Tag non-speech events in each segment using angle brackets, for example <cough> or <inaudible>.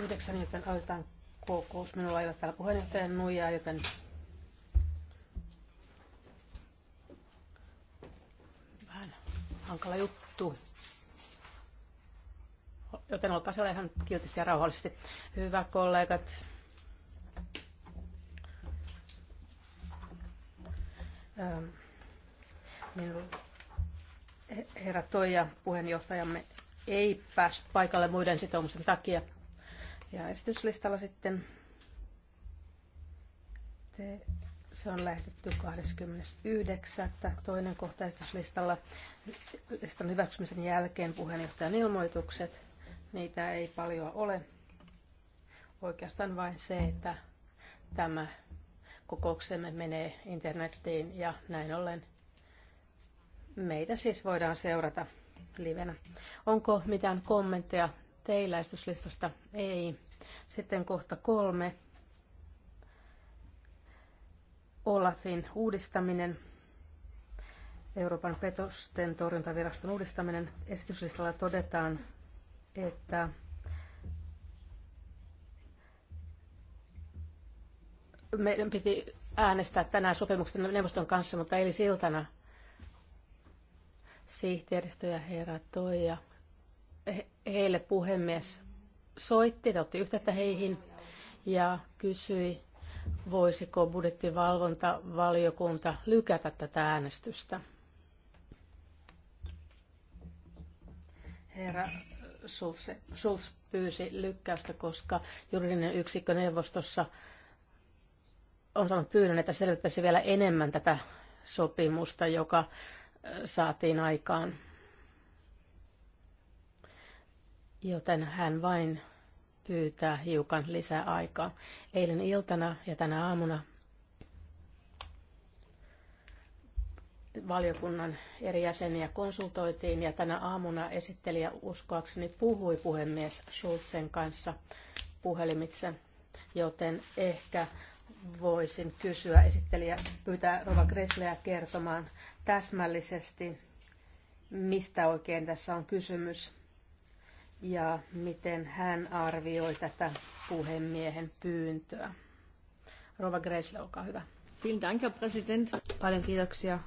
yhdeksän, joten aloitetaan kokous. Minulla ei ole täällä puheenjohtajan nuijaa, joten vähän hankala juttu. Joten olkaa siellä ihan kiltisti ja rauhallisesti. Hyvä kollegat. Ähm, herra Toija, puheenjohtajamme, ei päässyt paikalle muiden sitoumusten takia. Ja esityslistalla sitten te, se on lähetetty 29. Toinen kohta esityslistalla listan hyväksymisen jälkeen puheenjohtajan ilmoitukset. Niitä ei paljon ole. Oikeastaan vain se, että tämä kokouksemme menee internettiin ja näin ollen meitä siis voidaan seurata livenä. Onko mitään kommentteja teiläistyslistasta Ei. Sitten kohta kolme. Olafin uudistaminen. Euroopan petosten torjuntaviraston uudistaminen. Esityslistalla todetaan, että meidän piti äänestää tänään sopimuksen neuvoston kanssa, mutta eilisiltana sihteeristö ja herra ja heille puhemies soitti, otti yhteyttä heihin ja kysyi, voisiko budjettivalvontavaliokunta lykätä tätä äänestystä. Herra Schulz pyysi lykkäystä, koska juridinen yksikkö neuvostossa on saanut pyynnön, että selvittäisi vielä enemmän tätä sopimusta, joka saatiin aikaan joten hän vain pyytää hiukan lisää aikaa. Eilen iltana ja tänä aamuna valiokunnan eri jäseniä konsultoitiin ja tänä aamuna esittelijä uskoakseni puhui puhemies Schulzen kanssa puhelimitse, joten ehkä voisin kysyä esittelijä pyytää Rova Gresleä kertomaan täsmällisesti, mistä oikein tässä on kysymys ja miten hän arvioi tätä puhemiehen pyyntöä. Rova Gresle, olkaa hyvä. Vielen Dank, Herr Präsident. Paljon kiitoksia,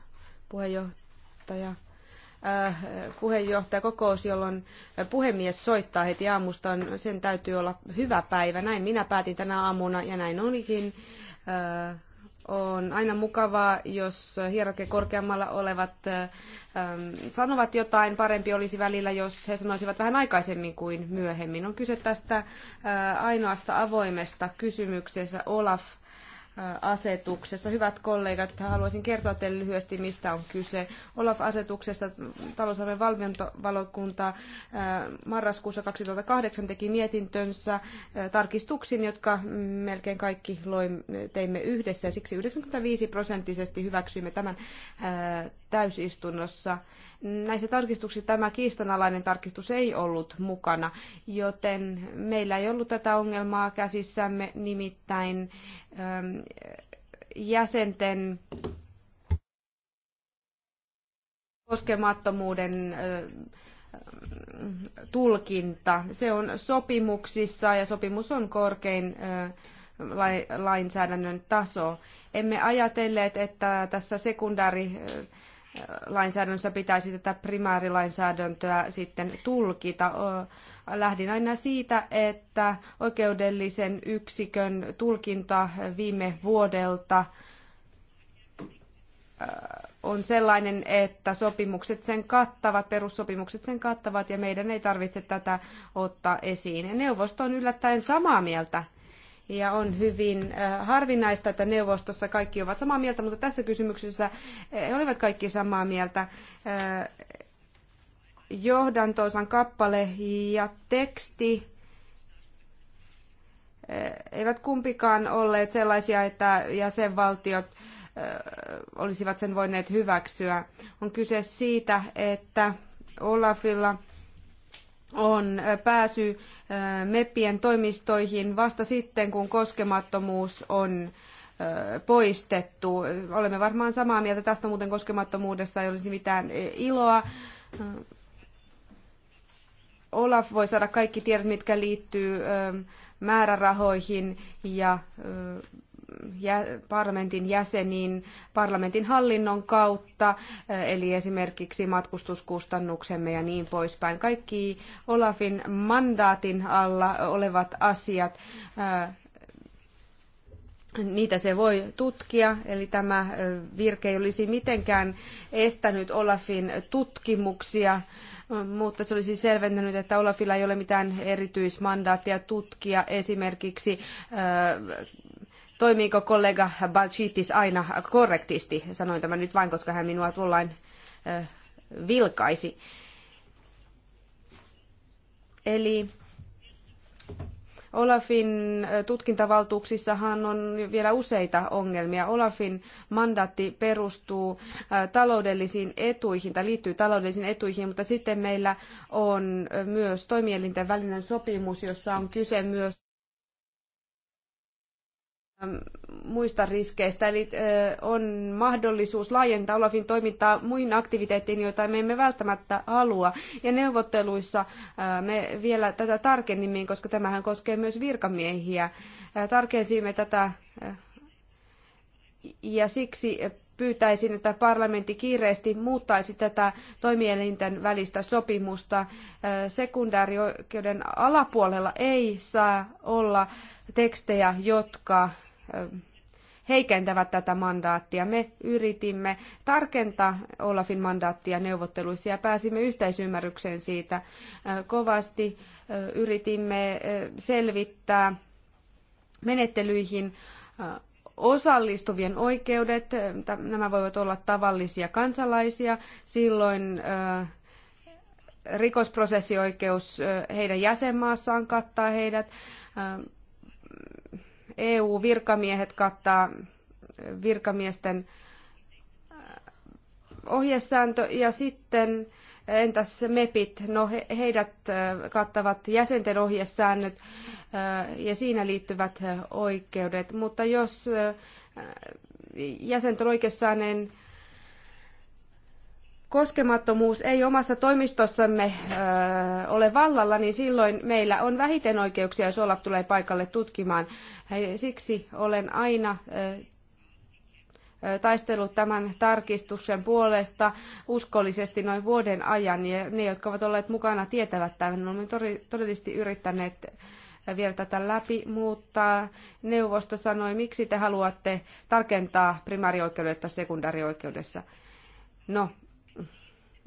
puheenjohtaja. Äh, kokous, jolloin puhemies soittaa heti aamusta, on, sen täytyy olla hyvä päivä. Näin minä päätin tänä aamuna ja näin olikin. Äh, on aina mukavaa, jos hierarkia korkeammalla olevat ähm, sanovat jotain. Parempi olisi välillä, jos he sanoisivat vähän aikaisemmin kuin myöhemmin. On kyse tästä äh, ainoasta avoimesta kysymyksessä. Olaf asetuksessa. Hyvät kollegat, haluaisin kertoa teille lyhyesti, mistä on kyse. Olaf-asetuksesta talousarven valvontavalokunta äh, marraskuussa 2008 teki mietintönsä äh, tarkistuksiin, jotka melkein kaikki loimme, teimme yhdessä. siksi 95 prosenttisesti hyväksyimme tämän äh, täysistunnossa. Näissä tarkistuksissa tämä kiistanalainen tarkistus ei ollut mukana, joten meillä ei ollut tätä ongelmaa käsissämme, nimittäin ähm, jäsenten koskemattomuuden äh, tulkinta. Se on sopimuksissa ja sopimus on korkein äh, lainsäädännön taso. Emme ajatelleet, että tässä sekundääri äh, lainsäädännössä pitäisi tätä primäärilainsäädäntöä sitten tulkita. Lähdin aina siitä, että oikeudellisen yksikön tulkinta viime vuodelta on sellainen, että sopimukset sen kattavat, perussopimukset sen kattavat ja meidän ei tarvitse tätä ottaa esiin. neuvosto on yllättäen samaa mieltä ja on hyvin äh, harvinaista, että neuvostossa kaikki ovat samaa mieltä, mutta tässä kysymyksessä äh, olivat kaikki samaa mieltä. Äh, johdantoosan kappale ja teksti eivät kumpikaan olleet sellaisia, että jäsenvaltiot olisivat sen voineet hyväksyä. On kyse siitä, että Olafilla – on pääsy MEPien toimistoihin vasta sitten, kun koskemattomuus on poistettu. Olemme varmaan samaa mieltä tästä, muuten koskemattomuudesta ei olisi mitään iloa. Olaf voi saada kaikki tiedot, mitkä liittyy määrärahoihin ja parlamentin jäseniin parlamentin hallinnon kautta, eh, eli esimerkiksi matkustuskustannuksemme ja niin poispäin. Kaikki Olafin mandaatin alla olevat asiat eh, niitä se voi tutkia, eli tämä eh, virke ei olisi mitenkään estänyt Olafin tutkimuksia, mutta se olisi selventänyt, että Olafilla ei ole mitään erityismandaattia tutkia esimerkiksi Toimiiko kollega Balchitis aina korrektisti? Sanoin tämän nyt vain, koska hän minua tuollain vilkaisi. Eli Olafin tutkintavaltuuksissahan on vielä useita ongelmia. Olafin mandaatti perustuu taloudellisiin etuihin tai liittyy taloudellisiin etuihin, mutta sitten meillä on myös toimielinten välinen sopimus, jossa on kyse myös Ähm, muista riskeistä. Eli äh, on mahdollisuus laajentaa Olafin toimintaa muihin aktiviteettiin, joita me emme välttämättä halua. Ja neuvotteluissa äh, me vielä tätä tarkennimme, koska tämähän koskee myös virkamiehiä. Äh, tarkensimme tätä ja siksi pyytäisin, että parlamentti kiireesti muuttaisi tätä toimielinten välistä sopimusta. Sekundäärioikeuden alapuolella ei saa olla tekstejä, jotka heikentävät tätä mandaattia. Me yritimme tarkentaa Olafin mandaattia neuvotteluissa ja pääsimme yhteisymmärrykseen siitä. Kovasti yritimme selvittää menettelyihin osallistuvien oikeudet. Nämä voivat olla tavallisia kansalaisia. Silloin rikosprosessioikeus heidän jäsenmaassaan kattaa heidät EU-virkamiehet kattaa virkamiesten äh, ohjesääntö ja sitten äh, entäs MEPit, no he, heidät äh, kattavat jäsenten ohjesäännöt ja siinä liittyvät oikeudet, mutta jos jäsenten oikeussäännön niin koskemattomuus ei omassa toimistossamme ole vallalla, niin silloin meillä on vähiten oikeuksia, jos Olaf tulee paikalle tutkimaan. Siksi olen aina taistellut tämän tarkistuksen puolesta uskollisesti noin vuoden ajan. Ja ne, jotka ovat olleet mukana, tietävät tämän. Olemme todellisesti yrittäneet vielä tätä läpi, mutta neuvosto sanoi, miksi te haluatte tarkentaa primäärioikeudetta sekundaarioikeudessa. No,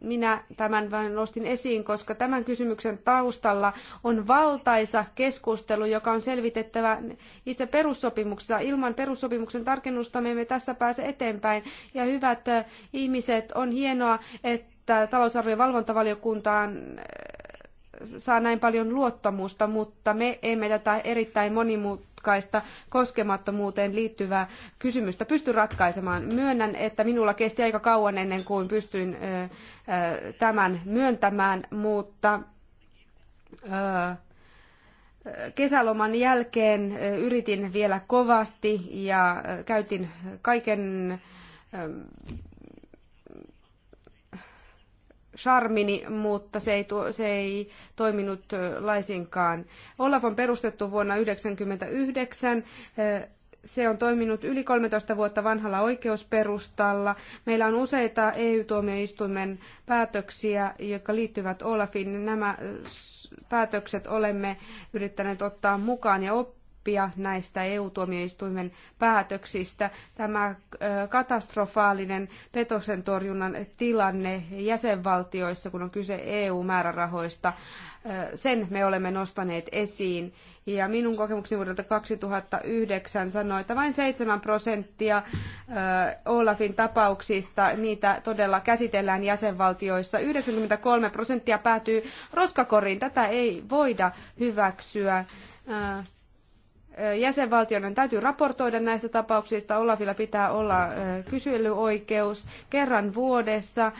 minä tämän vain nostin esiin, koska tämän kysymyksen taustalla on valtaisa keskustelu, joka on selvitettävä itse perussopimuksessa. Ilman perussopimuksen tarkennusta me emme tässä pääse eteenpäin. Ja hyvät äh, ihmiset, on hienoa, että talousarvion valvontavaliokuntaan äh, saa näin paljon luottamusta, mutta me emme tätä erittäin monimutkaista koskemattomuuteen liittyvää kysymystä pysty ratkaisemaan. Myönnän, että minulla kesti aika kauan ennen kuin pystyin tämän myöntämään, mutta kesäloman jälkeen yritin vielä kovasti ja käytin kaiken charmini, mutta se ei, tuo, se ei toiminut laisinkaan. Olaf on perustettu vuonna 1999 se on toiminut yli 13 vuotta vanhalla oikeusperustalla. Meillä on useita EU-tuomioistuimen päätöksiä, jotka liittyvät Olafiin. Nämä päätökset olemme yrittäneet ottaa mukaan ja oppia oppia näistä EU-tuomioistuimen päätöksistä. Tämä katastrofaalinen petoksen torjunnan tilanne jäsenvaltioissa, kun on kyse EU-määrärahoista, sen me olemme nostaneet esiin. Ja minun kokemukseni vuodelta 2009 sanoi, että vain 7 prosenttia Olafin tapauksista niitä todella käsitellään jäsenvaltioissa. 93 prosenttia päätyy roskakoriin. Tätä ei voida hyväksyä jäsenvaltioiden täytyy raportoida näistä tapauksista. Olafilla pitää olla kyselyoikeus. Kerran vuodessa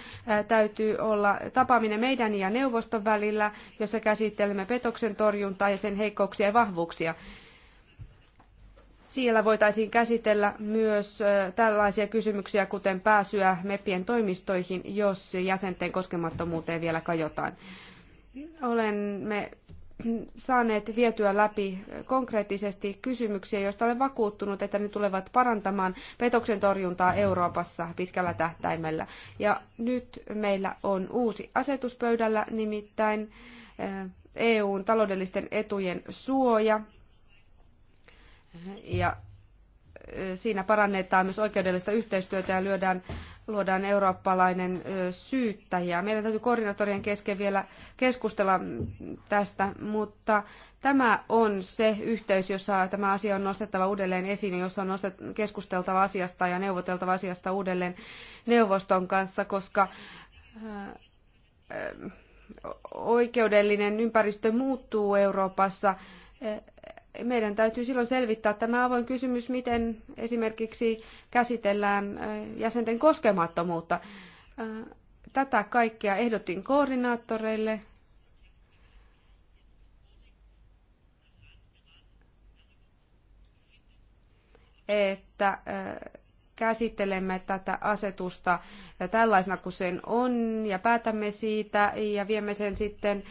täytyy olla tapaaminen meidän ja neuvoston välillä, jossa käsittelemme petoksen torjuntaa ja sen heikkouksia ja vahvuuksia. Siellä voitaisiin käsitellä myös tällaisia kysymyksiä, kuten pääsyä MEPien toimistoihin, jos jäsenten koskemattomuuteen vielä kajotaan. Olemme saaneet vietyä läpi konkreettisesti kysymyksiä, joista olen vakuuttunut, että ne tulevat parantamaan petoksen torjuntaa Euroopassa pitkällä tähtäimellä. Ja nyt meillä on uusi asetus pöydällä, nimittäin eh, EUn taloudellisten etujen suoja. Ja eh, siinä parannetaan myös oikeudellista yhteistyötä ja lyödään luodaan eurooppalainen syyttäjä. Meidän täytyy koordinaattorien kesken vielä keskustella tästä, mutta tämä on se yhteys, jossa tämä asia on nostettava uudelleen esiin, jossa on nostet, keskusteltava asiasta ja neuvoteltava asiasta uudelleen neuvoston kanssa, koska oikeudellinen ympäristö muuttuu Euroopassa meidän täytyy silloin selvittää tämä avoin kysymys, miten esimerkiksi käsitellään jäsenten koskemattomuutta. Tätä kaikkea ehdotin koordinaattoreille. että käsittelemme tätä asetusta tällaisena kuin sen on ja päätämme siitä ja viemme sen sitten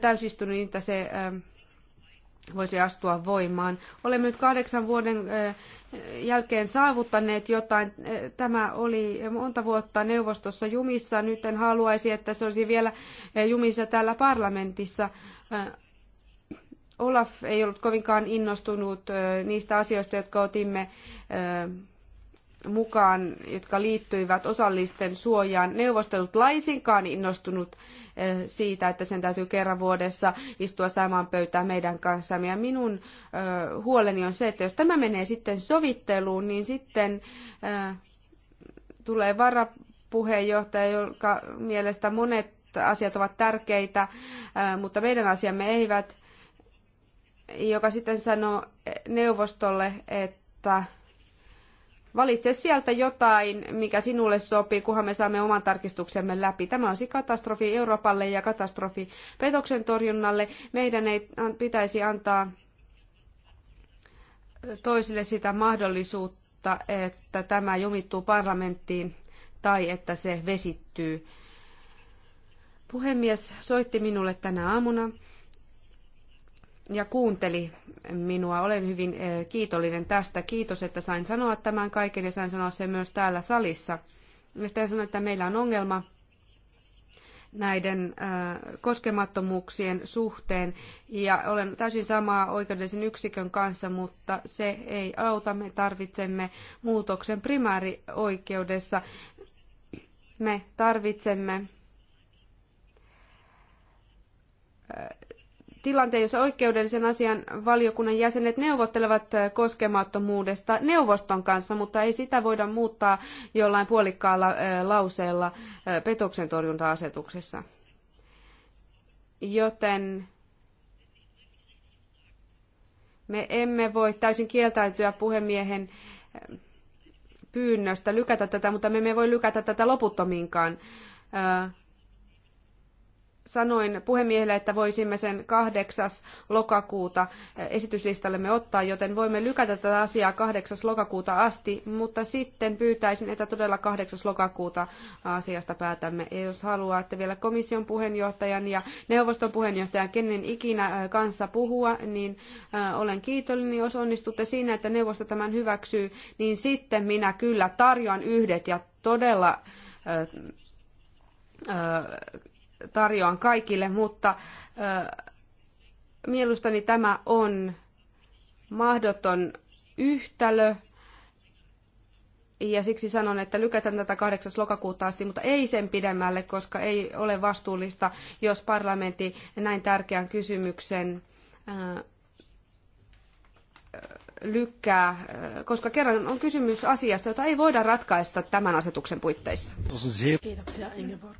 täysistunnin, että se voisi astua voimaan. Olemme nyt kahdeksan vuoden jälkeen saavuttaneet jotain. Tämä oli monta vuotta neuvostossa jumissa. Nyt en haluaisi, että se olisi vielä jumissa täällä parlamentissa. Olaf ei ollut kovinkaan innostunut niistä asioista, jotka otimme mukaan, jotka liittyivät osallisten suojaan. Neuvosto ei ollut laisinkaan innostunut eh, siitä, että sen täytyy kerran vuodessa istua samaan pöytään meidän kanssamme. Ja minun eh, huoleni on se, että jos tämä menee sitten sovitteluun, niin sitten eh, tulee varapuheenjohtaja, jonka mielestä monet asiat ovat tärkeitä, mutta meidän asiamme eivät, joka sitten sanoo neuvostolle, että Valitse sieltä jotain, mikä sinulle sopii, kunhan me saamme oman tarkistuksemme läpi. Tämä olisi siis katastrofi Euroopalle ja katastrofi petoksen torjunnalle. Meidän ei pitäisi antaa toisille sitä mahdollisuutta, että tämä jumittuu parlamenttiin tai että se vesittyy. Puhemies soitti minulle tänä aamuna ja kuunteli minua. Olen hyvin eh, kiitollinen tästä. Kiitos, että sain sanoa tämän kaiken ja sain sanoa sen myös täällä salissa. Sitten sanoin, että meillä on ongelma näiden eh, koskemattomuuksien suhteen. Ja olen täysin samaa oikeudellisen yksikön kanssa, mutta se ei auta. Me tarvitsemme muutoksen primäärioikeudessa. Me tarvitsemme eh, tilanteen, jossa oikeudellisen asian valiokunnan jäsenet neuvottelevat äh, koskemattomuudesta neuvoston kanssa, mutta ei sitä voida muuttaa jollain puolikkaalla äh, lauseella äh, petoksen torjunta-asetuksessa. Joten me emme voi täysin kieltäytyä puhemiehen pyynnöstä lykätä tätä, mutta me emme voi lykätä tätä loputtomiinkaan sanoin puhemiehelle, että voisimme sen 8. lokakuuta esityslistallemme ottaa, joten voimme lykätä tätä asiaa 8. lokakuuta asti, mutta sitten pyytäisin, että todella 8. lokakuuta asiasta päätämme. Ja jos haluatte vielä komission puheenjohtajan ja neuvoston puheenjohtajan, kenen ikinä äh, kanssa puhua, niin äh, olen kiitollinen, jos onnistutte siinä, että neuvosto tämän hyväksyy, niin sitten minä kyllä tarjoan yhdet ja todella äh, tarjoan kaikille, mutta mielestäni tämä on mahdoton yhtälö. Ja siksi sanon, että lykätään tätä 8. lokakuuta asti, mutta ei sen pidemmälle, koska ei ole vastuullista, jos parlamentti näin tärkeän kysymyksen lykkää, koska kerran on kysymys asiasta, jota ei voida ratkaista tämän asetuksen puitteissa. Kiitoksia Ingeborg.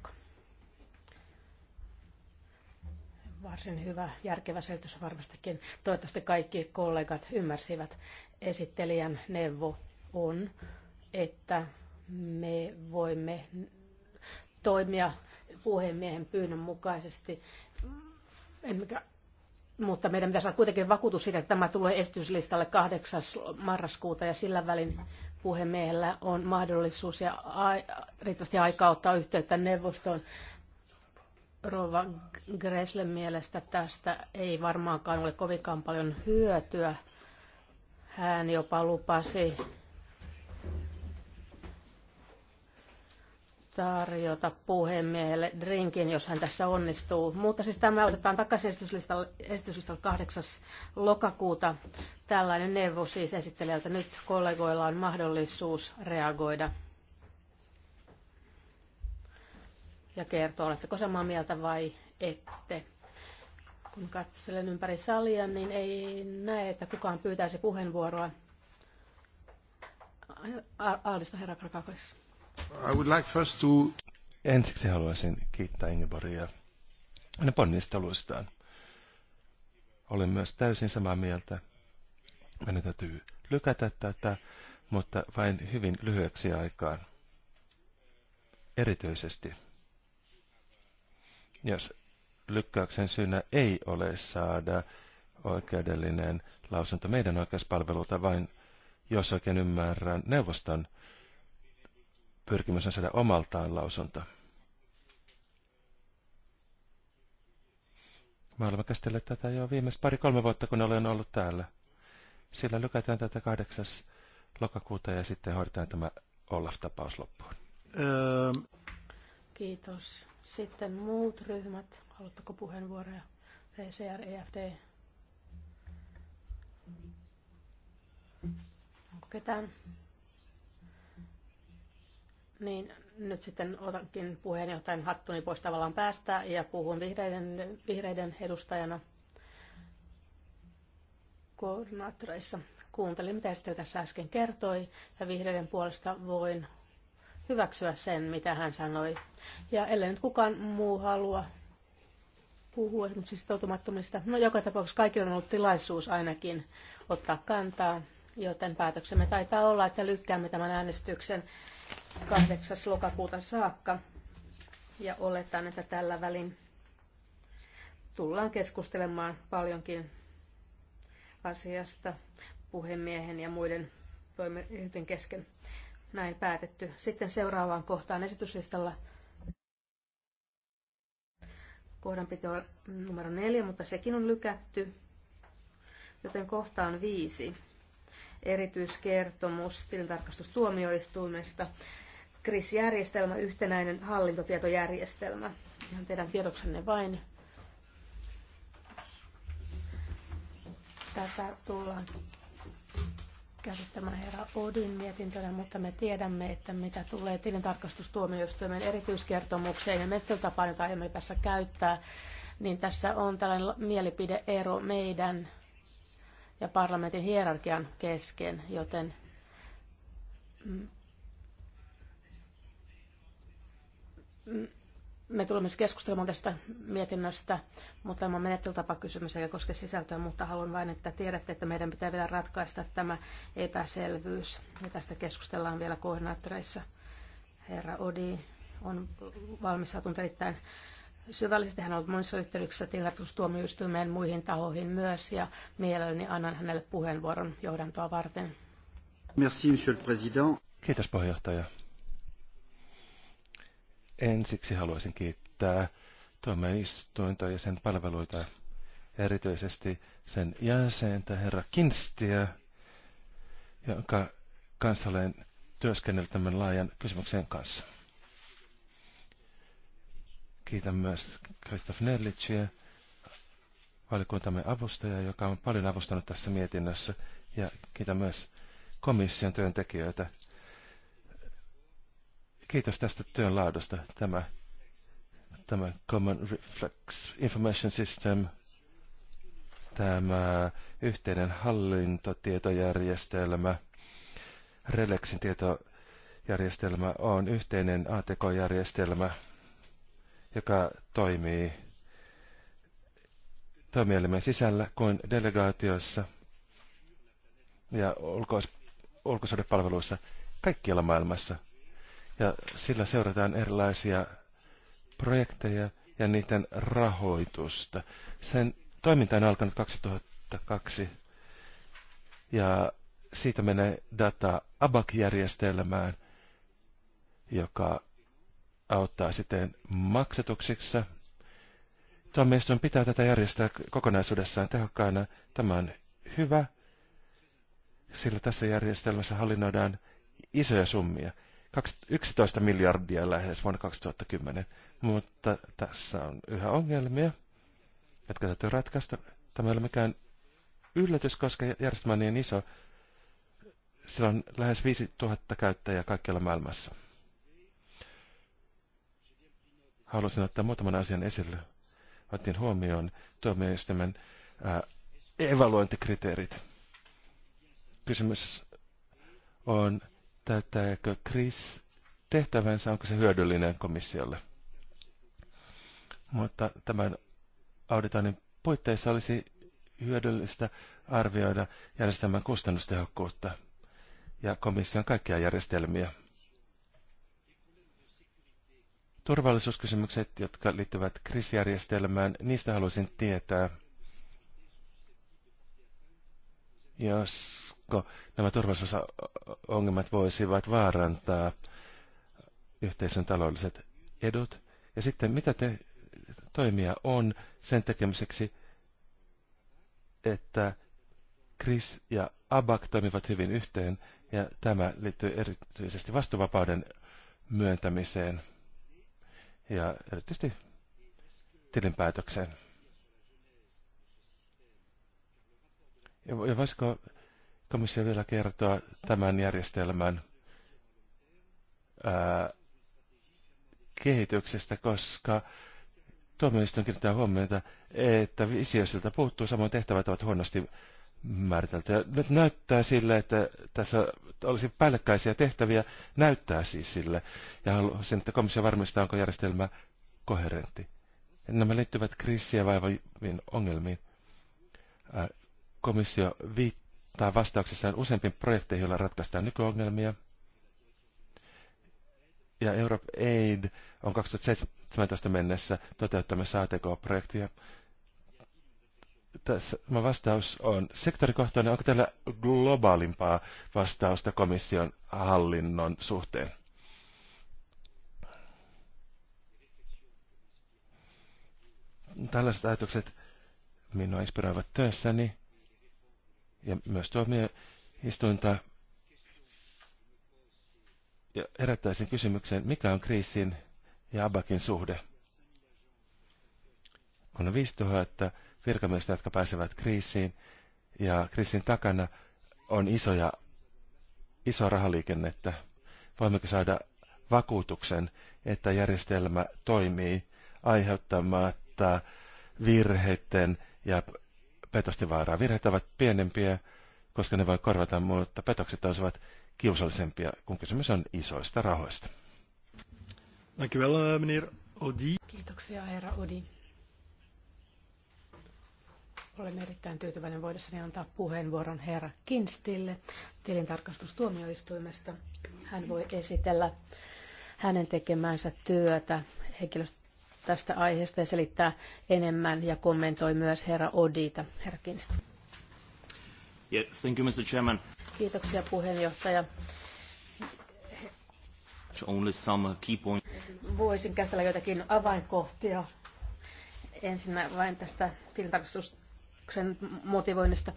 varsin hyvä, järkevä selitys varmastikin. Toivottavasti kaikki kollegat ymmärsivät. Esittelijän neuvo on, että me voimme toimia puhemiehen pyynnön mukaisesti, emmekä, mutta meidän pitäisi saada kuitenkin vakuutus siitä, että tämä tulee esityslistalle 8. marraskuuta ja sillä välin puhemiehellä on mahdollisuus ja riittävästi aikaa ottaa yhteyttä neuvostoon Rova Gresle mielestä tästä ei varmaankaan ole kovinkaan paljon hyötyä. Hän jopa lupasi tarjota puhemiehelle drinkin, jos hän tässä onnistuu. Mutta siis tämä otetaan takaisin esityslistalle, esityslistalle 8. lokakuuta. Tällainen neuvo siis esittelijältä. Nyt kollegoilla on mahdollisuus reagoida ja kertoo, oletteko samaa mieltä vai ette. Kun katselen ympäri salia, niin ei näe, että kukaan pyytäisi puheenvuoroa. Aldista herra Krakakos. I would like first to... Ensiksi haluaisin kiittää Ingeborgia hänen ponnisteluistaan. Olen myös täysin samaa mieltä. Meidän täytyy lykätä tätä, mutta vain hyvin lyhyeksi aikaan. Erityisesti jos lykkäyksen syynä ei ole saada oikeudellinen lausunto meidän oikeuspalvelulta, vain jos oikein ymmärrän neuvoston pyrkimys on saada omaltaan lausunto. Me olemme käsitelleet tätä jo viimeiset pari-kolme vuotta, kun olen ollut täällä. Sillä lykätään tätä 8. lokakuuta ja sitten hoidetaan tämä Olaf-tapaus loppuun. Öö. Kiitos. Sitten muut ryhmät. Haluatteko puheenvuoroja? VCR, EFD. Onko ketään? Niin, nyt sitten otankin puheenjohtajan hattuni pois tavallaan päästä ja puhun vihreiden, vihreiden edustajana koordinaattoreissa. Kuuntelin, mitä Estelle tässä äsken kertoi ja vihreiden puolesta voin hyväksyä sen, mitä hän sanoi. Ja ellei nyt kukaan muu halua puhua esimerkiksi sitoutumattomista. No joka tapauksessa kaikilla on ollut tilaisuus ainakin ottaa kantaa, joten päätöksemme taitaa olla, että lykkäämme tämän äänestyksen 8. lokakuuta saakka. Ja oletan, että tällä välin tullaan keskustelemaan paljonkin asiasta puhemiehen ja muiden toimijoiden kesken näin päätetty. Sitten seuraavaan kohtaan esityslistalla kohdan piti olla numero neljä, mutta sekin on lykätty. Joten kohtaan viisi. Erityiskertomus tilintarkastustuomioistuimesta. KRIS-järjestelmä, yhtenäinen hallintotietojärjestelmä. Ihan teidän tiedoksenne vain. Tätä tullaan tämä herra Odin mietintönä, mutta me tiedämme, että mitä tulee tilintarkastustuomioistuimen erityiskertomukseen ja menettelytapaan, jota emme tässä käyttää, niin tässä on tällainen mielipideero meidän ja parlamentin hierarkian kesken, joten mm, me tulemme myös keskustelemaan tästä mietinnöstä, mutta tämä on menettelytapakysymys eikä koske sisältöä, mutta haluan vain, että tiedätte, että meidän pitää vielä ratkaista tämä epäselvyys. Ja tästä keskustellaan vielä koordinaattoreissa. Herra Odi on valmistautunut erittäin syvällisesti. Hän on ollut monissa yhteyksissä tilintarkastustuomioistuimeen muihin tahoihin myös, ja mielelläni annan hänelle puheenvuoron johdantoa varten. Merci, monsieur le président. Kiitos puheenjohtaja. Ensiksi haluaisin kiittää tuomioistuinta ja sen palveluita, erityisesti sen jäsentä, herra Kinstiä, jonka kanssa olen työskennellyt tämän laajan kysymyksen kanssa. Kiitän myös Christoph Nerlitschiä, valikuntamme avustaja, joka on paljon avustanut tässä mietinnössä, ja kiitän myös komission työntekijöitä, Kiitos tästä työn laadusta. Tämä, tämä Common Reflex Information System, tämä yhteinen hallintotietojärjestelmä, Relexin tietojärjestelmä on yhteinen ATK-järjestelmä, joka toimii toimielimen sisällä kuin delegaatioissa ja ulkois- kaikkialla maailmassa – ja sillä seurataan erilaisia projekteja ja niiden rahoitusta. Sen toiminta on alkanut 2002 ja siitä menee data ABAC-järjestelmään, joka auttaa sitten maksatuksissa. Tuomioistuin pitää tätä järjestää kokonaisuudessaan tehokkaana. Tämä on hyvä, sillä tässä järjestelmässä hallinnoidaan isoja summia. 11 miljardia lähes vuonna 2010. Mutta tässä on yhä ongelmia, jotka täytyy ratkaista. Tämä ei ole mikään yllätys, koska järjestelmä on niin iso. Sillä on lähes 5000 käyttäjää kaikkialla maailmassa. Haluaisin ottaa muutaman asian esille. Otin huomioon tuomioistuimen evaluointikriteerit. Kysymys on Täyttääkö Chris tehtävänsä, onko se hyödyllinen komissiolle? Mutta tämän auditoinnin puitteissa olisi hyödyllistä arvioida järjestelmän kustannustehokkuutta ja komission kaikkia järjestelmiä. Turvallisuuskysymykset, jotka liittyvät kriisijärjestelmään, niistä haluaisin tietää – josko nämä turvallisuusongelmat voisivat vaarantaa yhteisön taloudelliset edut. Ja sitten mitä te toimia on sen tekemiseksi, että Chris ja Abak toimivat hyvin yhteen, ja tämä liittyy erityisesti vastuvapauden myöntämiseen ja erityisesti tilinpäätökseen. Ja voisiko komissio vielä kertoa tämän järjestelmän ää, kehityksestä, koska tuomioistuin kiinnittää huomiota, että visiosilta puuttuu, samoin tehtävät ovat huonosti määritelty. nyt näyttää sille, että tässä olisi päällekkäisiä tehtäviä, näyttää siis sille. Ja haluaisin, että komissio varmistaa, onko järjestelmä koherentti. Nämä liittyvät kriisiä vaivaviin ongelmiin komissio viittaa vastauksessaan useimpiin projekteihin, joilla ratkaistaan nykyongelmia. Ja Europe Aid on 2017 mennessä toteuttamassa ATK-projektia. Tämä vastaus on sektorikohtainen. Onko tällä globaalimpaa vastausta komission hallinnon suhteen? Tällaiset ajatukset minua inspiroivat työssäni ja myös istuinta. Ja herättäisin kysymyksen, mikä on kriisin ja Abakin suhde? On 5000 virkamiestä, jotka pääsevät kriisiin, ja kriisin takana on isoja, iso rahaliikennettä. Voimmeko saada vakuutuksen, että järjestelmä toimii aiheuttamatta virheiden ja petosti vaaraa. Virheet ovat pienempiä, koska ne voi korvata, mutta petokset olisivat kiusallisempia, kun kysymys on isoista rahoista. Uh, Kiitoksia, herra Odi. Olen erittäin tyytyväinen voidessani antaa puheenvuoron herra Kinstille tilintarkastustuomioistuimesta. Hän voi esitellä hänen tekemäänsä työtä henkilöstö- tästä aiheesta ja selittää enemmän ja kommentoi myös herra Odita, herra Kinsta. Yeah, thank you, Mr. Chairman. Kiitoksia puheenjohtaja. Only some key point. Voisin käsitellä jotakin avainkohtia. Ensinnä vain tästä tilintarkastuksen motivoinnista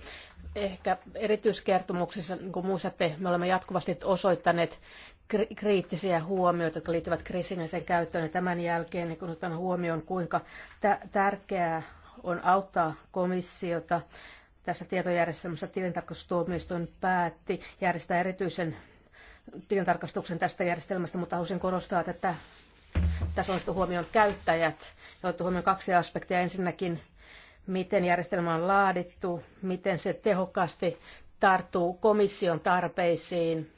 ehkä erityiskertomuksissa, niin kuin muistatte, me olemme jatkuvasti osoittaneet kriittisiä huomioita, jotka liittyvät kriisin ja sen käyttöön. Ja tämän jälkeen, niin kun otan huomioon, kuinka tärkeää on auttaa komissiota tässä tietojärjestelmässä, tilintarkastustuomioistuin päätti järjestää erityisen tilintarkastuksen tästä järjestelmästä, mutta haluaisin korostaa, että tässä on otettu huomioon käyttäjät ja otettu huomioon kaksi aspektia. Ensinnäkin miten järjestelmä on laadittu, miten se tehokkaasti tarttuu komission tarpeisiin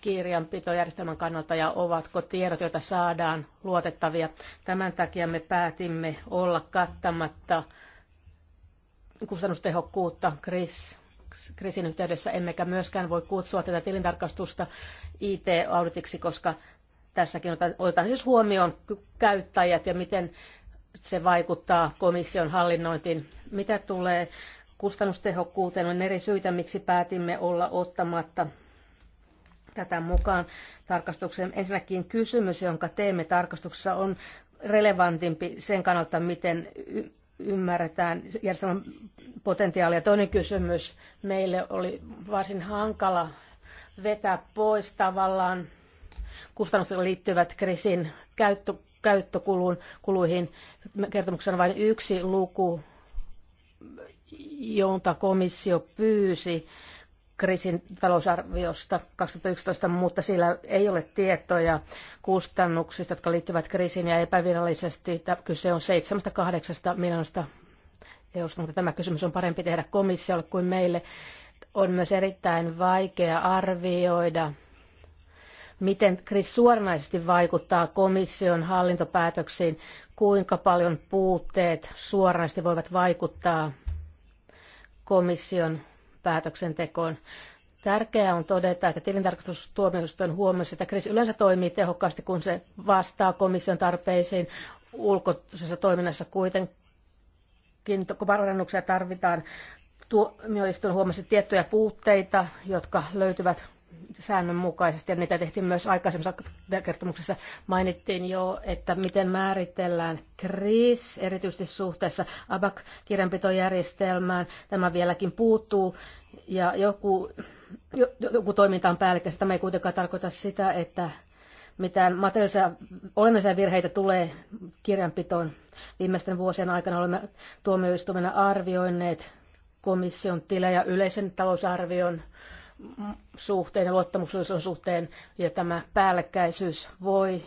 kirjanpitojärjestelmän kannalta ja ovatko tiedot, joita saadaan, luotettavia. Tämän takia me päätimme olla kattamatta kustannustehokkuutta kris, kriisin yhteydessä, emmekä myöskään voi kutsua tätä tilintarkastusta IT-auditiksi, koska tässäkin otetaan siis huomioon käyttäjät ja miten se vaikuttaa komission hallinnointiin. Mitä tulee kustannustehokkuuteen, on eri syitä, miksi päätimme olla ottamatta tätä mukaan tarkastukseen. Ensinnäkin kysymys, jonka teemme tarkastuksessa, on relevantimpi sen kannalta, miten y- ymmärretään järjestelmän potentiaalia. Toinen kysymys meille oli varsin hankala vetää pois tavallaan kustannukset liittyvät kriisin käyttö, käyttökuluihin. Kertomuksena vain yksi luku, jonka komissio pyysi kriisin talousarviosta 2011, mutta sillä ei ole tietoja kustannuksista, jotka liittyvät kriisiin ja epävirallisesti kyse on 7-8 miljoonasta eurosta, mutta tämä kysymys on parempi tehdä komissiolle kuin meille. On myös erittäin vaikea arvioida miten kriisi suoranaisesti vaikuttaa komission hallintopäätöksiin, kuinka paljon puutteet suoranaisesti voivat vaikuttaa komission päätöksentekoon. Tärkeää on todeta, että tilintarkastustuomioistuin huomasi, että kriisi yleensä toimii tehokkaasti, kun se vastaa komission tarpeisiin ulkoisessa toiminnassa kuitenkin. Parannuksia tarvitaan. Tuomioistuin huomasi tiettyjä puutteita, jotka löytyvät säännönmukaisesti, ja niitä tehtiin myös aikaisemmassa kertomuksessa. Mainittiin jo, että miten määritellään kriis, erityisesti suhteessa ABAC-kirjanpitojärjestelmään. Tämä vieläkin puuttuu, ja joku, joku toiminta on päällekkäistä. Tämä ei kuitenkaan tarkoita sitä, että mitään materiaalisia olennaisia virheitä tulee kirjanpitoon. Viimeisten vuosien aikana olemme tuomioistuimena arvioineet komission tilejä yleisen talousarvion suhteen ja luottamuksellisuuden suhteen, ja tämä päällekkäisyys voi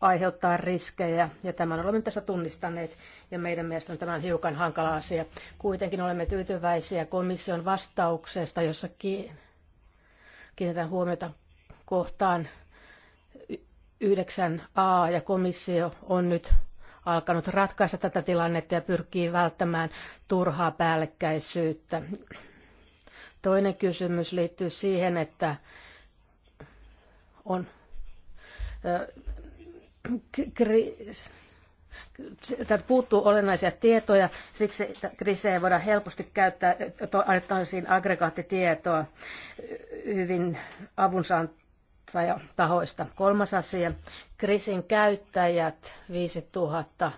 aiheuttaa riskejä, ja tämän olemme tässä tunnistaneet, ja meidän mielestämme tämä on hiukan hankala asia. Kuitenkin olemme tyytyväisiä komission vastauksesta, jossa kiinnitetään huomiota kohtaan 9a, ja komissio on nyt alkanut ratkaista tätä tilannetta ja pyrkii välttämään turhaa päällekkäisyyttä Toinen kysymys liittyy siihen, että on Tätä puuttuu olennaisia tietoja, siksi kriisejä voida helposti käyttää, annetaan siinä aggregaattitietoa hyvin tahoista Kolmas asia, krisin käyttäjät, 5000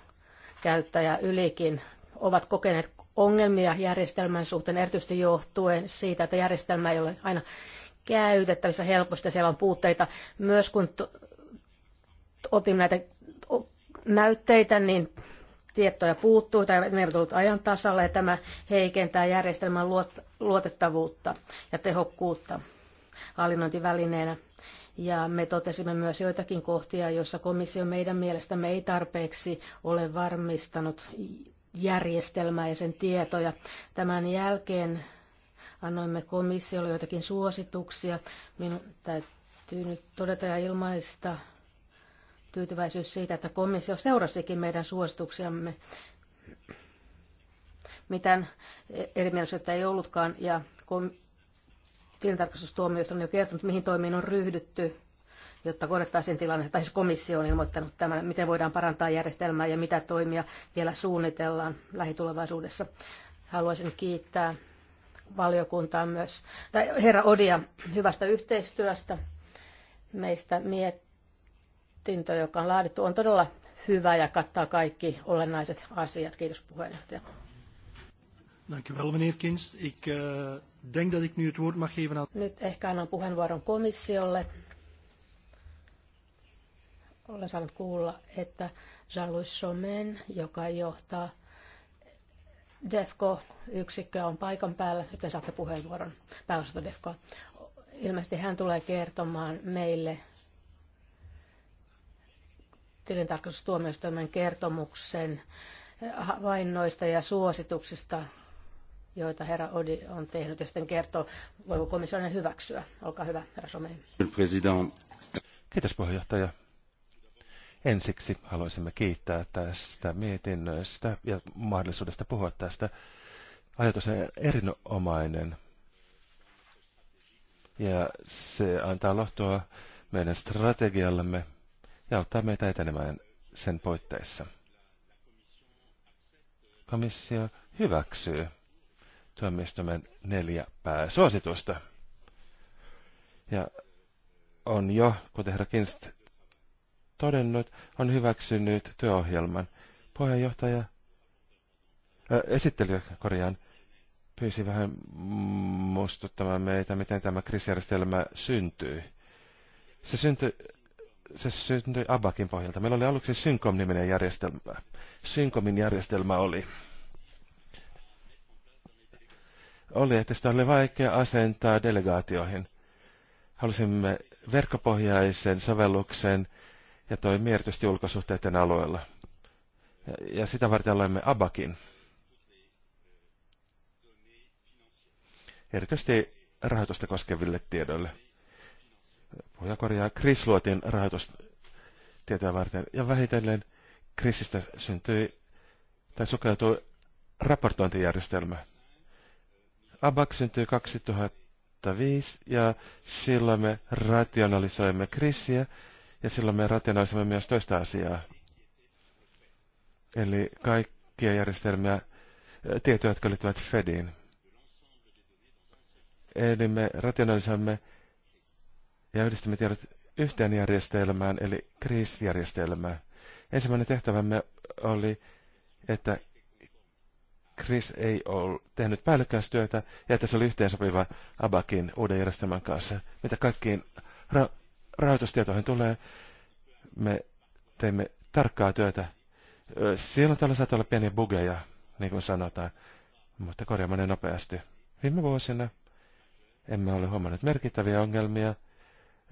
käyttäjää ylikin, ovat kokeneet ongelmia järjestelmän suhteen, erityisesti johtuen siitä, että järjestelmä ei ole aina käytettävissä helposti ja siellä on puutteita. Myös kun otin näitä näytteitä, niin tietoja puuttuu tai ne eivät ollut ajan tasalla ja tämä heikentää järjestelmän luotettavuutta ja tehokkuutta hallinnointivälineenä. Ja me totesimme myös joitakin kohtia, joissa komissio meidän mielestämme ei tarpeeksi ole varmistanut järjestelmää ja sen tietoja. Tämän jälkeen annoimme komissiolle joitakin suosituksia. Minun täytyy nyt todeta ja ilmaista tyytyväisyys siitä, että komissio seurasikin meidän suosituksiamme. Mitään erimielisyyttä ei ollutkaan ja kom- tilintarkastustuomioista on jo kertonut, mihin toimiin on ryhdytty jotta korjattaisiin tilanne, tai siis komissio on ilmoittanut tämän, miten voidaan parantaa järjestelmää ja mitä toimia vielä suunnitellaan lähitulevaisuudessa. Haluaisin kiittää valiokuntaa myös, tai herra Odia hyvästä yhteistyöstä. Meistä mietintö, joka on laadittu, on todella hyvä ja kattaa kaikki olennaiset asiat. Kiitos puheenjohtaja. wel, meneer Kins. Ik uh, denk dat ik nu het woord mag geven aan... Nyt ehkä annan puheenvuoron komissiolle olen saanut kuulla, että Jean-Louis Chomen, joka johtaa DEFCO-yksikköä, on paikan päällä. Sitten saatte puheenvuoron pääosasta DEFCOa. Ilmeisesti hän tulee kertomaan meille tilintarkastustuomioistuimen kertomuksen havainnoista ja suosituksista, joita herra Odi on tehnyt ja sitten kertoo, voiko komissio hyväksyä. Olkaa hyvä, herra Somen. Kiitos puheenjohtaja. Ensiksi haluaisimme kiittää tästä mietinnöstä ja mahdollisuudesta puhua tästä. Ajatus on erinomainen ja se antaa lohtua meidän strategiallemme ja auttaa meitä etenemään sen puitteissa. Komissio hyväksyy tuomioistuimen neljä pääsuositusta. Ja on jo, kuten herra Kinst todennut, on hyväksynyt työohjelman. Puheenjohtaja, esittelijä korjaan, pyysi vähän muistuttamaan meitä, miten tämä kriisijärjestelmä syntyi. Se syntyi, se syntyi Abakin pohjalta. Meillä oli aluksi syncom niminen järjestelmä. Synkomin järjestelmä oli oli, että sitä oli vaikea asentaa delegaatioihin. Halusimme verkkopohjaisen sovelluksen, ja toi erityisesti ulkosuhteiden alueella. Ja, ja sitä varten olemme ABAKin. Erityisesti rahoitusta koskeville tiedoille. Puhuja korjaa Chris Luotin rahoitustietoja varten. Ja vähitellen Chrisistä syntyi tai sukeutui raportointijärjestelmä. Abak syntyi 2005 ja silloin me rationalisoimme Chrisiä ja silloin me rationaalisemme myös toista asiaa. Eli kaikkia järjestelmiä, tietoja, jotka liittyvät Fediin. Eli me rationaalisemme ja yhdistämme tiedot yhteen järjestelmään, eli kriisijärjestelmään. Ensimmäinen tehtävämme oli, että Chris ei ole tehnyt päällekkäistyötä ja että se oli yhteensopiva Abakin uuden järjestelmän kanssa, mitä kaikkiin ra- rahoitustietoihin tulee, me teemme tarkkaa työtä. Siellä täällä saattaa olla pieniä bugeja, niin kuin sanotaan, mutta korjaamme ne nopeasti. Viime vuosina emme ole huomanneet merkittäviä ongelmia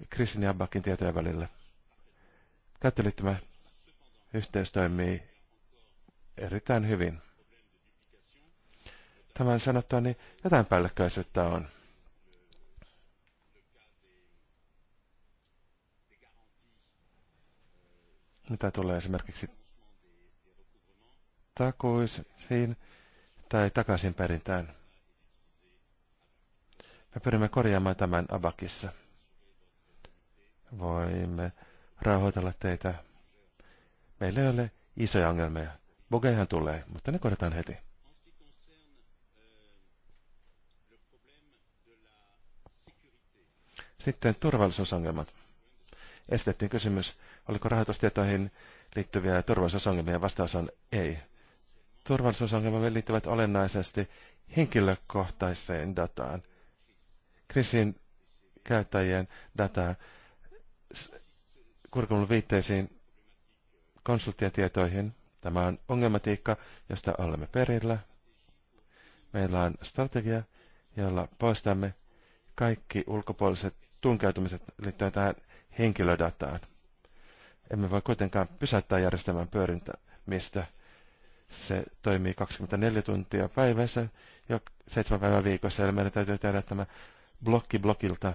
Krisin ja Abbakin tietojen välillä. Käyttöliittymä yhteys toimii erittäin hyvin. Tämän sanottua, niin jotain päällekkäisyyttä on. mitä tulee esimerkiksi takuisiin tai takaisin perintään. Me pyrimme korjaamaan tämän Abakissa. Voimme rauhoitella teitä. Meillä ei ole isoja ongelmia. Bogeihan tulee, mutta ne korjataan heti. Sitten turvallisuusongelmat. Esitettiin kysymys, Oliko rahoitustietoihin liittyviä turvallisuusongelmia? Vastaus on ei. Turvallisuusongelmat liittyvät olennaisesti henkilökohtaiseen dataan. Krisin käyttäjien dataa kurkumun viitteisiin konsulttietietoihin. Tämä on ongelmatiikka, josta olemme perillä. Meillä on strategia, jolla poistamme kaikki ulkopuoliset tunkeutumiset liittyen tähän henkilödataan. Emme voi kuitenkaan pysäyttää järjestelmän pyörintämistä. Se toimii 24 tuntia päivässä ja seitsemän päivän viikossa, eli meidän täytyy tehdä tämä blokki blokilta.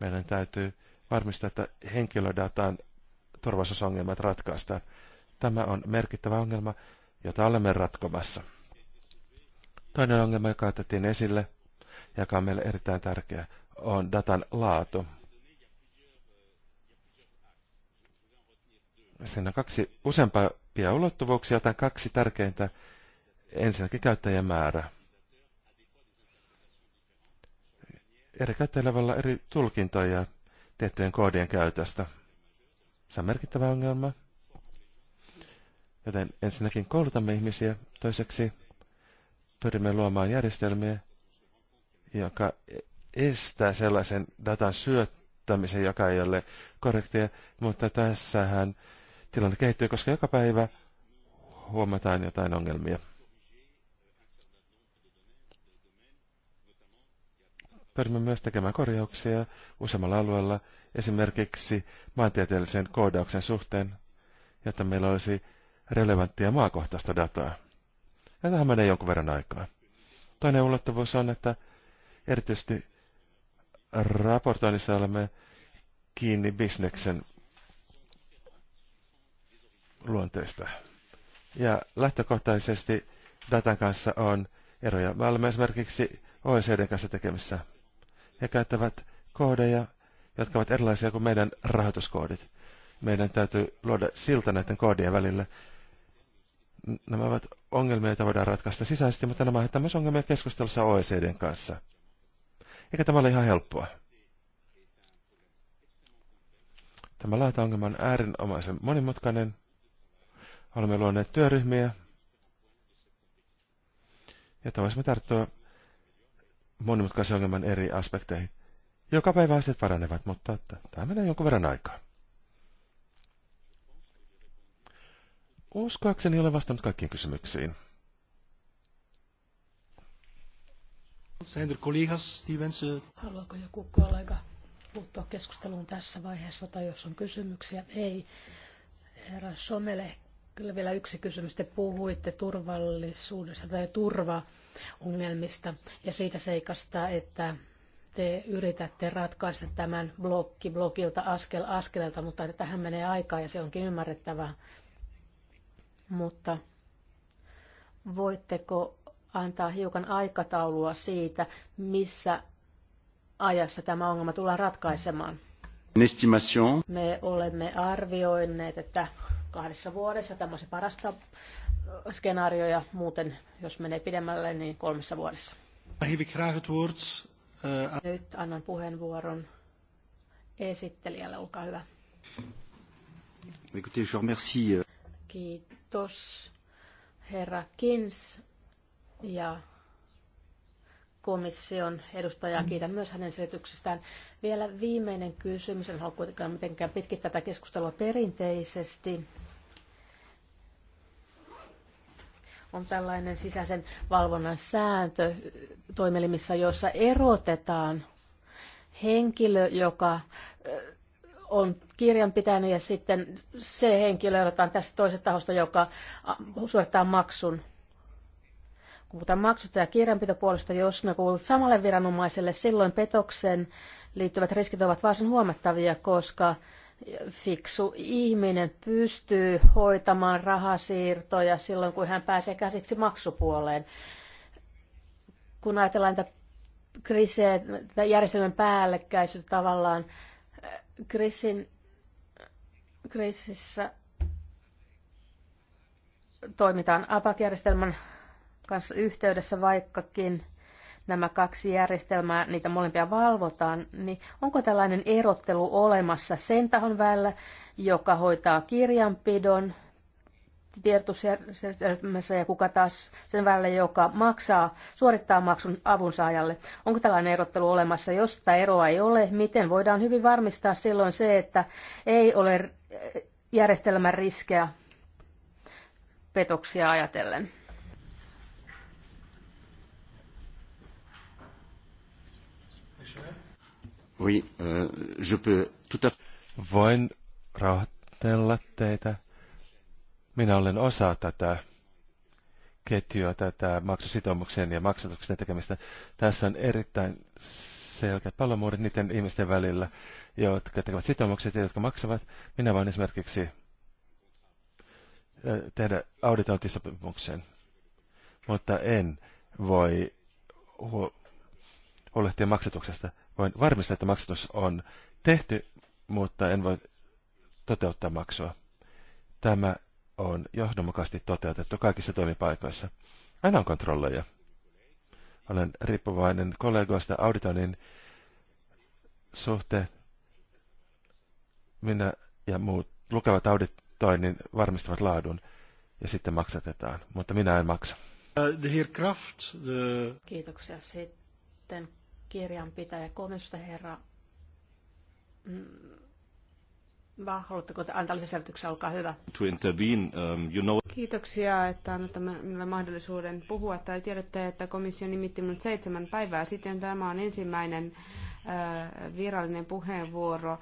Meidän täytyy varmistaa, että henkilödataan turvallisuusongelmat ratkaistaan. Tämä on merkittävä ongelma, jota olemme ratkomassa. Toinen ongelma, joka otettiin esille, ja joka on meille erittäin tärkeä, on datan laatu. Siinä on kaksi useampia ulottuvuuksia, tai kaksi tärkeintä. Ensinnäkin määrä. Eri käyttäjillä voi olla eri tulkintoja tiettyjen koodien käytöstä. Se on merkittävä ongelma. Joten ensinnäkin koulutamme ihmisiä, toiseksi pyrimme luomaan järjestelmiä, joka estää sellaisen datan syöttämisen, joka ei ole korrektia, mutta tässähän tilanne kehittyy, koska joka päivä huomataan jotain ongelmia. Pyrimme myös tekemään korjauksia useammalla alueella, esimerkiksi maantieteellisen koodauksen suhteen, jotta meillä olisi relevanttia maakohtaista dataa. Ja tähän menee jonkun verran aikaa. Toinen ulottuvuus on, että erityisesti raportoinnissa olemme kiinni bisneksen luonteista. Ja lähtökohtaisesti datan kanssa on eroja. Me olemme esimerkiksi OECD kanssa tekemissä. He käyttävät koodeja, jotka ovat erilaisia kuin meidän rahoituskoodit. Meidän täytyy luoda silta näiden koodien välillä. Nämä ovat ongelmia, joita voidaan ratkaista sisäisesti, mutta nämä ovat myös ongelmia keskustelussa OECDn kanssa. Eikä tämä ole ihan helppoa. Tämä laita-ongelma on äärinomaisen monimutkainen Olemme luoneet työryhmiä, jotta voisimme tarttua monimutkaisen ongelman eri aspekteihin. Joka päivä asiat paranevat, mutta tämä menee jonkun verran aikaa. Uskoakseni olen vastannut kaikkiin kysymyksiin. Er Haluaako joku kollega puuttua keskusteluun tässä vaiheessa, tai jos on kysymyksiä? Ei. Herra Somele Kyllä vielä yksi kysymys. Te puhuitte turvallisuudesta tai turvaongelmista ja siitä seikasta, että te yritätte ratkaista tämän blokki blogilta askel askeleelta, mutta tähän menee aikaa ja se onkin ymmärrettävää. Mutta voitteko antaa hiukan aikataulua siitä, missä ajassa tämä ongelma tullaan ratkaisemaan? Me olemme arvioineet, että kahdessa vuodessa. Tämä on se parasta äh, skenaario ja muuten, jos menee pidemmälle, niin kolmessa vuodessa. Eh, Nyt annan puheenvuoron esittelijälle, olkaa hyvä. Eh. Kiitos herra Kins ja komission edustajaa. Kiitän myös hänen selityksestään. Vielä viimeinen kysymys. En halua kuitenkaan mitenkään pitkittää tätä keskustelua perinteisesti. on tällainen sisäisen valvonnan sääntö toimielimissä, jossa erotetaan henkilö, joka on kirjanpitäjänä ja sitten se henkilö erotetaan tästä toisesta tahosta, joka suorittaa maksun. Kun puhutaan maksusta ja kirjanpitopuolesta, jos ne kuuluvat samalle viranomaiselle, silloin petoksen liittyvät riskit ovat varsin huomattavia, koska fiksu ihminen pystyy hoitamaan rahasiirtoja silloin, kun hän pääsee käsiksi maksupuoleen. Kun ajatellaan niitä kriisejä, järjestelmän päällekkäisyyttä tavallaan, kriisin, kriisissä toimitaan APAC-järjestelmän kanssa yhteydessä, vaikkakin nämä kaksi järjestelmää, niitä molempia valvotaan, niin onko tällainen erottelu olemassa sen tahon välillä, joka hoitaa kirjanpidon tiedotusjärjestelmässä ja kuka taas sen välillä, joka maksaa, suorittaa maksun avunsaajalle. Onko tällainen erottelu olemassa? Jos tätä eroa ei ole, miten voidaan hyvin varmistaa silloin se, että ei ole järjestelmän riskejä petoksia ajatellen? Oui, euh, je peux tout à Voin rahoitella teitä. Minä olen osa tätä ketjua, tätä maksusitoumuksen ja maksatuksen tekemistä. Tässä on erittäin selkeät palomuudet niiden ihmisten välillä, jotka tekevät sitoumukset ja jotka maksavat. Minä voin esimerkiksi äh, tehdä auditointisopimuksen, mutta en voi huolehtia maksatuksesta. Voin varmistaa, että maksatus on tehty, mutta en voi toteuttaa maksua. Tämä on johdonmukaisesti toteutettu kaikissa toimipaikoissa. Aina on kontrolleja. Olen riippuvainen kollegoista auditoinnin suhteen. Minä ja muut lukevat auditoinnin varmistavat laadun ja sitten maksatetaan, mutta minä en maksa. Uh, the Kraft, the... Kiitoksia sitten kirjanpitäjä komissiosta herra. Mm, va, haluatteko antaa lisäselvityksiä, olkaa hyvä. To intervene, um, you know... Kiitoksia, että annatte minulle mahdollisuuden puhua. Tai tiedätte, että komissio nimitti minut seitsemän päivää sitten. Tämä on ensimmäinen virallinen puheenvuoro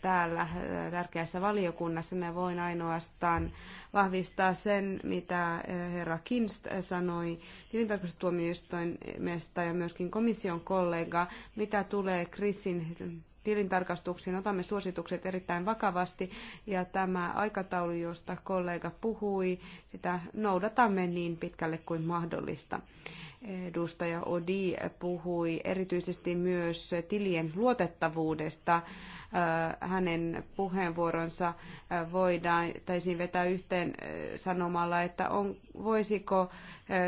täällä tärkeässä valiokunnassa. Ne voin ainoastaan vahvistaa sen, mitä herra Kinst sanoi tilintarkastustuomioistuimesta ja myöskin komission kollega, mitä tulee Krisin tilintarkastuksiin. Otamme suositukset erittäin vakavasti ja tämä aikataulu, josta kollega puhui, sitä noudatamme niin pitkälle kuin mahdollista. Edustaja Odi puhui erityisesti myös tilien luotettavuudesta. Äh, hänen puheenvuoronsa äh, voidaan taisin vetää yhteen äh, sanomalla, että on, voisiko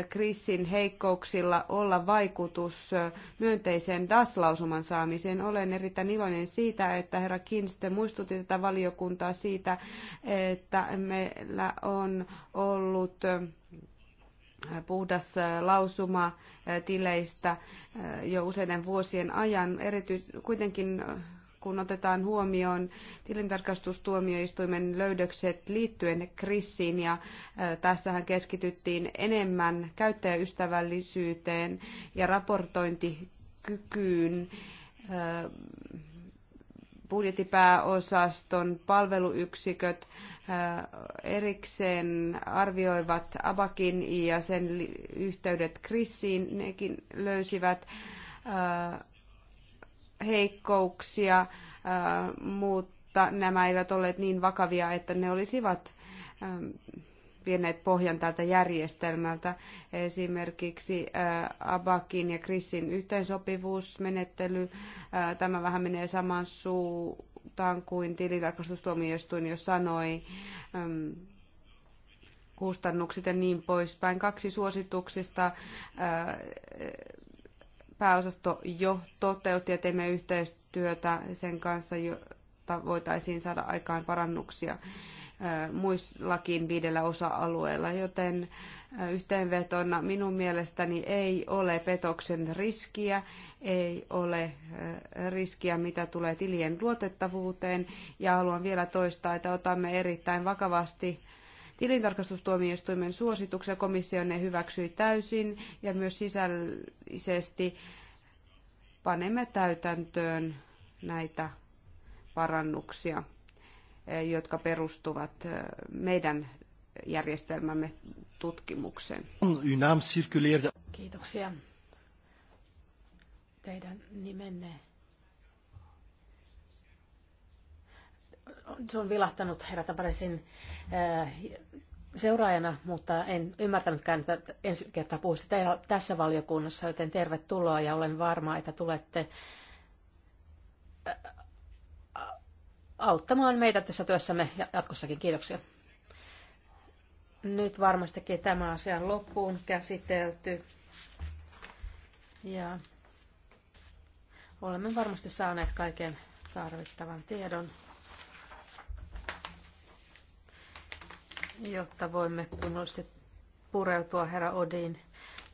Krisin heikkouksilla olla vaikutus myönteiseen DAS-lausuman saamiseen. Olen erittäin iloinen siitä, että herra Kinste muistutti tätä valiokuntaa siitä, että meillä on ollut puhdas äh, lausuma äh, tileistä äh, jo useiden vuosien ajan. Erityis, kuitenkin kun otetaan huomioon tilintarkastustuomioistuimen löydökset liittyen krissiin ja tässähän keskityttiin enemmän käyttäjäystävällisyyteen ja raportointikykyyn budjettipääosaston palveluyksiköt erikseen arvioivat Abakin ja sen yhteydet Krissiin. Nekin löysivät heikkouksia, mutta nämä eivät olleet niin vakavia, että ne olisivat vieneet pohjan tältä järjestelmältä. Esimerkiksi Abakin ja Krissin yhteensopivuusmenettely, tämä vähän menee samaan suuntaan, suuntaan kuin tilintarkastustuomioistuin jo sanoi, ähm, kustannukset ja niin poispäin. Kaksi suosituksista äh, pääosasto jo toteutti ja teimme yhteistyötä sen kanssa, jotta voitaisiin saada aikaan parannuksia äh, muillakin viidellä osa-alueella, joten yhteenvetona minun mielestäni ei ole petoksen riskiä, ei ole riskiä, mitä tulee tilien luotettavuuteen. Ja haluan vielä toistaa, että otamme erittäin vakavasti tilintarkastustuomioistuimen suosituksia. Komissio ne hyväksyi täysin ja myös sisällisesti panemme täytäntöön näitä parannuksia, jotka perustuvat meidän järjestelmämme tutkimukseen. Kiitoksia. Teidän nimenne se on vilahtanut herra Taparesin äh, seuraajana, mutta en ymmärtänytkään, että ensi kertaa puhuisitte tässä valiokunnassa, joten tervetuloa ja olen varma, että tulette äh, auttamaan meitä tässä työssämme jatkossakin. Kiitoksia. Nyt varmastikin tämä asia on loppuun käsitelty. Ja olemme varmasti saaneet kaiken tarvittavan tiedon, jotta voimme kunnollisesti pureutua herra Odin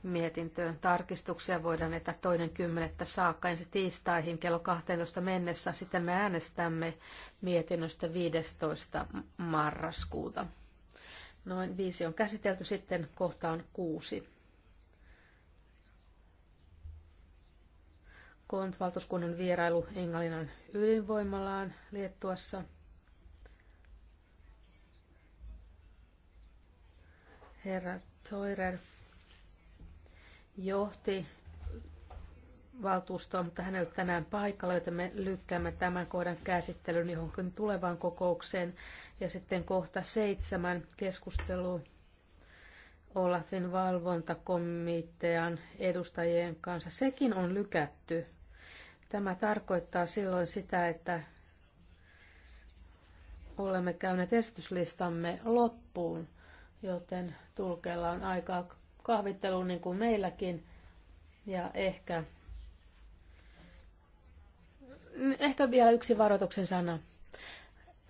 mietintöön. Tarkistuksia voidaan että toinen kymmenettä saakka ensi tiistaihin kello 12 mennessä. Sitten me äänestämme mietinnöstä 15. marraskuuta. Noin viisi on käsitelty sitten kohtaan kuusi. Kont-valtuuskunnan vierailu Englannin ydinvoimalaan Liettuassa. Herra Toirer johti valtuustoa, mutta hän ei ole tänään paikalla, joten me lykkäämme tämän kohdan käsittelyn johonkin tulevaan kokoukseen. Ja sitten kohta seitsemän keskustelu Olafin valvontakomitean edustajien kanssa. Sekin on lykätty. Tämä tarkoittaa silloin sitä, että olemme käyneet esityslistamme loppuun, joten tulkeilla on aikaa kahvitteluun niin kuin meilläkin. Ja ehkä Ehkä vielä yksi varoituksen sana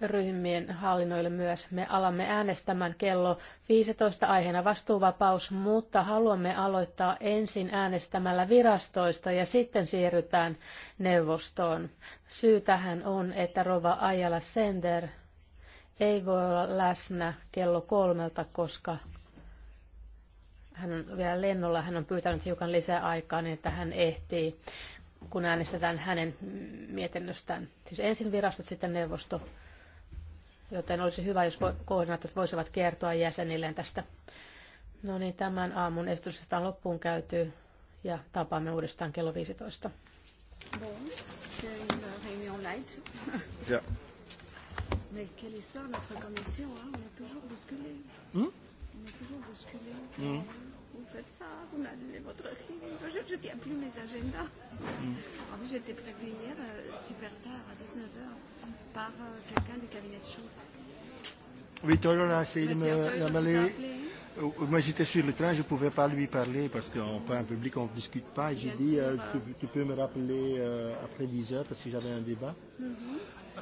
ryhmien hallinnoille myös. Me alamme äänestämään kello 15 aiheena vastuuvapaus, mutta haluamme aloittaa ensin äänestämällä virastoista ja sitten siirrytään neuvostoon. Syy tähän on, että Rova Ajala Sender ei voi olla läsnä kello kolmelta, koska hän on vielä lennolla, hän on pyytänyt hiukan lisää aikaa niin, että hän ehtii kun äänestetään hänen mietinnöstään. Siis ensin virastot, sitten neuvosto. Joten olisi hyvä, jos koordinaattorit voisivat kertoa jäsenilleen tästä. No niin, tämän aamun esitystä on loppuun käyty ja tapaamme uudestaan kello 15. Ja. Mais quelle histoire notre commission, hein? on est toujours bousculé. Hmm? On est toujours bousculé. Hmm? vous faites ça, vous annulez votre réunion. Je je tiens plus mes agendas. Mhm. En fait, j'étais prévue hier euh, super tard, à 19h, par euh, quelqu'un du cabinet de Schultz. Oui, Tollera, c'est il me euh, l'a mêlé. Euh, moi, j'étais sur le train, je ne pouvais pas lui parler parce qu'en mmh. public, on ne discute pas. J'ai dit, sûr, euh, euh, tu, tu peux me rappeler euh, après 10 heures parce que j'avais un débat. Mmh.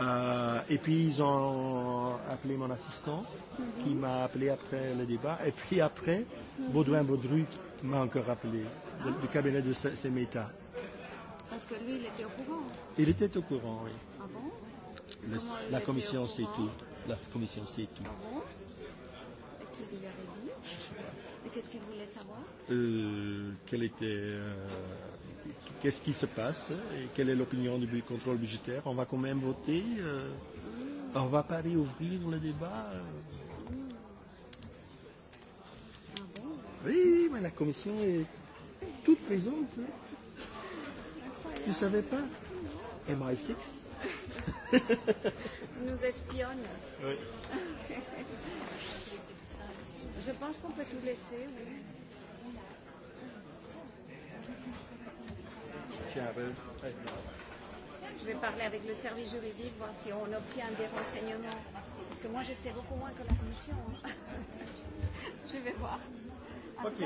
Euh, et puis ils ont appelé mon assistant, mm-hmm. qui m'a appelé après le débat. Et puis après, mm-hmm. Baudouin Baudru m'a encore appelé, de, du cabinet de Semeta. Parce que lui, il était au courant. Il était au courant, oui. Ah bon le, La commission sait tout. La commission sait tout. Ah bon qu'est-ce qu'il avait dit Je sais pas. Et qu'est-ce qu'il voulait savoir euh, Quel était. Euh, qu'est-ce qui se passe et quelle est l'opinion du contrôle budgétaire. On va quand même voter. Euh, on va pas réouvrir le débat. Euh. Oui, mais la commission est toute présente. Tu savais pas MI6 <laughs> Nous espionne. Oui. <laughs> Je pense qu'on peut tout laisser. Oui. Je vais parler avec le service juridique, voir si on obtient des renseignements. Parce que moi, je sais beaucoup moins que la commission. Hein. <laughs> je vais voir. Après, okay.